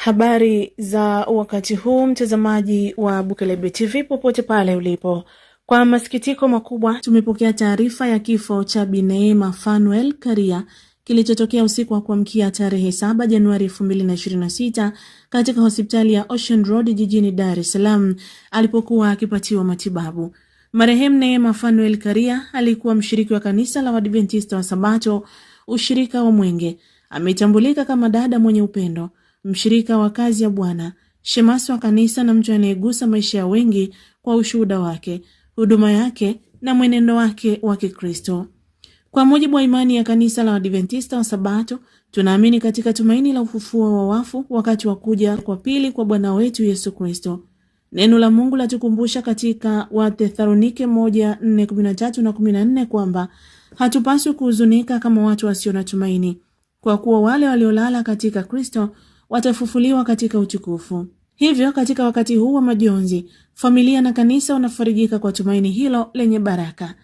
Habari za wakati huu, mtazamaji wa Bukelebe TV popote pale ulipo. Kwa masikitiko makubwa tumepokea taarifa ya kifo cha Bi Neema Fanuel Karia kilichotokea usiku wa kuamkia tarehe 7 Januari 2026 katika hospitali ya Ocean Road jijini Dar es Salaam alipokuwa akipatiwa matibabu. Marehemu Neema Fanuel Karia alikuwa mshiriki wa kanisa la Waadventista wa Sabato, ushirika wa Mwenge. Ametambulika kama dada mwenye upendo mshirika wa kazi ya Bwana, shemasi wa kanisa na mtu anayegusa maisha ya wengi kwa ushuhuda wake, huduma yake na mwenendo wake wa Kikristo. Kwa mujibu wa imani ya kanisa la wadventista wa Sabato, tunaamini katika tumaini la ufufuo wa wafu wakati wa kuja kwa pili kwa Bwana wetu Yesu Kristo. Neno la Mungu latukumbusha katika Wathesalonike 1 na 14 kwamba hatupaswi kuhuzunika kama watu wasio na tumaini, kwa kuwa wale waliolala katika Kristo watafufuliwa katika utukufu. Hivyo katika wakati huu wa majonzi, familia na kanisa wanafarijika kwa tumaini hilo lenye baraka.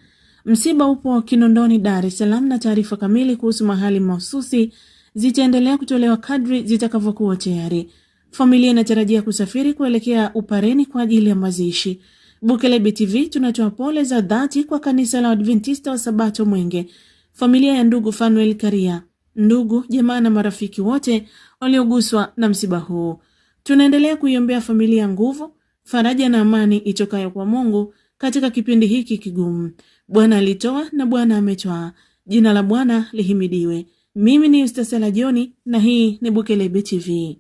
Msiba upo Kinondoni, Dar es Salaam, na taarifa kamili kuhusu mahali mahususi zitaendelea kutolewa kadri zitakavyokuwa tayari. Familia inatarajia kusafiri kuelekea Upareni kwa ajili ya mazishi. Bukelebe TV tunatoa pole za dhati kwa kanisa la adventista wa Sabato Mwenge, familia ya ndugu Fanuel Karia ndugu, jamaa na marafiki wote walioguswa na msiba huu. Tunaendelea kuiombea familia nguvu, faraja na amani itokayo kwa Mungu katika kipindi hiki kigumu. Bwana alitoa na Bwana ametwaa, jina la Bwana lihimidiwe. Mimi ni Yustasela Joni na hii ni Bukelebe TV.